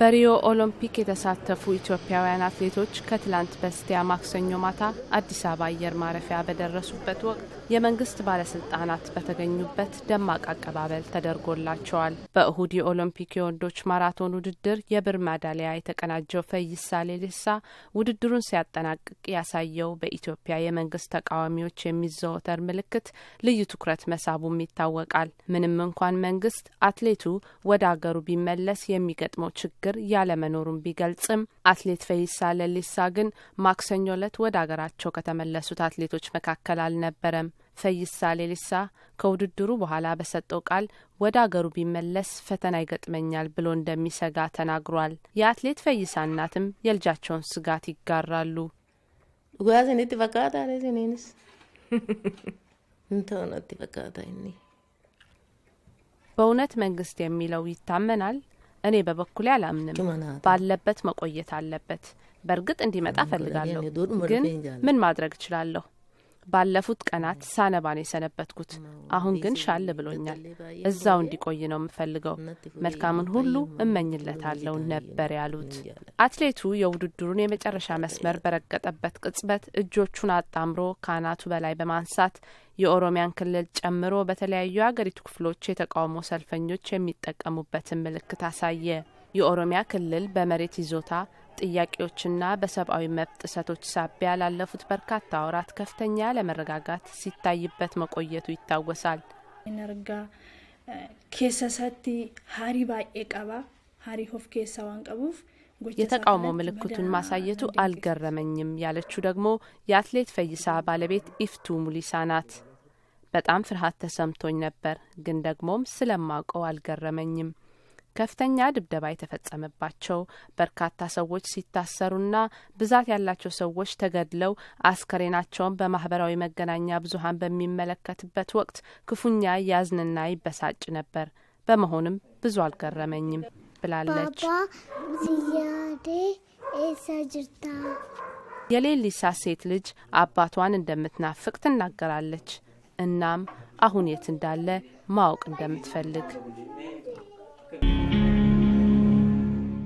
በሪዮ ኦሎምፒክ የተሳተፉ ኢትዮጵያውያን አትሌቶች ከትላንት በስቲያ ማክሰኞ ማታ አዲስ አበባ አየር ማረፊያ በደረሱበት ወቅት የመንግስት ባለስልጣናት በተገኙበት ደማቅ አቀባበል ተደርጎላቸዋል። በእሁድ የኦሎምፒክ የወንዶች ማራቶን ውድድር የብር ሜዳሊያ የተቀናጀው ፈይሳ ሌሊሳ ውድድሩን ሲያጠናቅቅ ያሳየው በኢትዮጵያ የመንግስት ተቃዋሚዎች የሚዘወተር ምልክት ልዩ ትኩረት መሳቡም ይታወቃል። ምንም እንኳን መንግስት አትሌቱ ወደ አገሩ ቢመለስ የሚገጥመው ችግር ችግር ያለመኖሩን ቢገልጽም አትሌት ፈይሳ ለሊሳ ግን ማክሰኞ እለት ወደ አገራቸው ከተመለሱት አትሌቶች መካከል አልነበረም። ፈይሳ ሌሊሳ ከውድድሩ በኋላ በሰጠው ቃል ወደ አገሩ ቢመለስ ፈተና ይገጥመኛል ብሎ እንደሚሰጋ ተናግሯል። የአትሌት ፈይሳ እናትም የልጃቸውን ስጋት ይጋራሉ። በእውነት መንግስት የሚለው ይታመናል? እኔ በበኩሌ አላምንም። ባለበት መቆየት አለበት። በእርግጥ እንዲመጣ ፈልጋለሁ፣ ግን ምን ማድረግ እችላለሁ? ባለፉት ቀናት ሳነባን የሰነበትኩት አሁን ግን ሻል ብሎኛል። እዛው እንዲቆይ ነው የምፈልገው። መልካምን ሁሉ እመኝለታለሁ ነበር ያሉት አትሌቱ የውድድሩን የመጨረሻ መስመር በረገጠበት ቅጽበት እጆቹን አጣምሮ ከአናቱ በላይ በማንሳት የኦሮሚያን ክልል ጨምሮ በተለያዩ የአገሪቱ ክፍሎች የተቃውሞ ሰልፈኞች የሚጠቀሙበትን ምልክት አሳየ። የኦሮሚያ ክልል በመሬት ይዞታ ጥያቄዎችና በሰብአዊ መብት ጥሰቶች ሳቢያ ላለፉት በርካታ ወራት ከፍተኛ ለመረጋጋት ሲታይበት መቆየቱ ይታወሳል። ነርጋ ኬሰሰቲ ሀሪ ባኤ ቀባ ሀሪ ሆፍ ኬሳ ዋንቀቡፍ የተቃውሞ ምልክቱን ማሳየቱ አልገረመኝም ያለችው ደግሞ የአትሌት ፈይሳ ባለቤት ኢፍቱ ሙሊሳ ናት። በጣም ፍርሃት ተሰምቶኝ ነበር፣ ግን ደግሞም ስለማውቀው አልገረመኝም። ከፍተኛ ድብደባ የተፈጸመባቸው በርካታ ሰዎች ሲታሰሩና ብዛት ያላቸው ሰዎች ተገድለው አስከሬናቸውን በማህበራዊ መገናኛ ብዙሀን በሚመለከትበት ወቅት ክፉኛ ያዝንና ይበሳጭ ነበር። በመሆንም ብዙ አልገረመኝም ብላለች። የሌሊሳ ሴት ልጅ አባቷን እንደምትናፍቅ ትናገራለች። እናም አሁን የት እንዳለ ማወቅ እንደምትፈልግ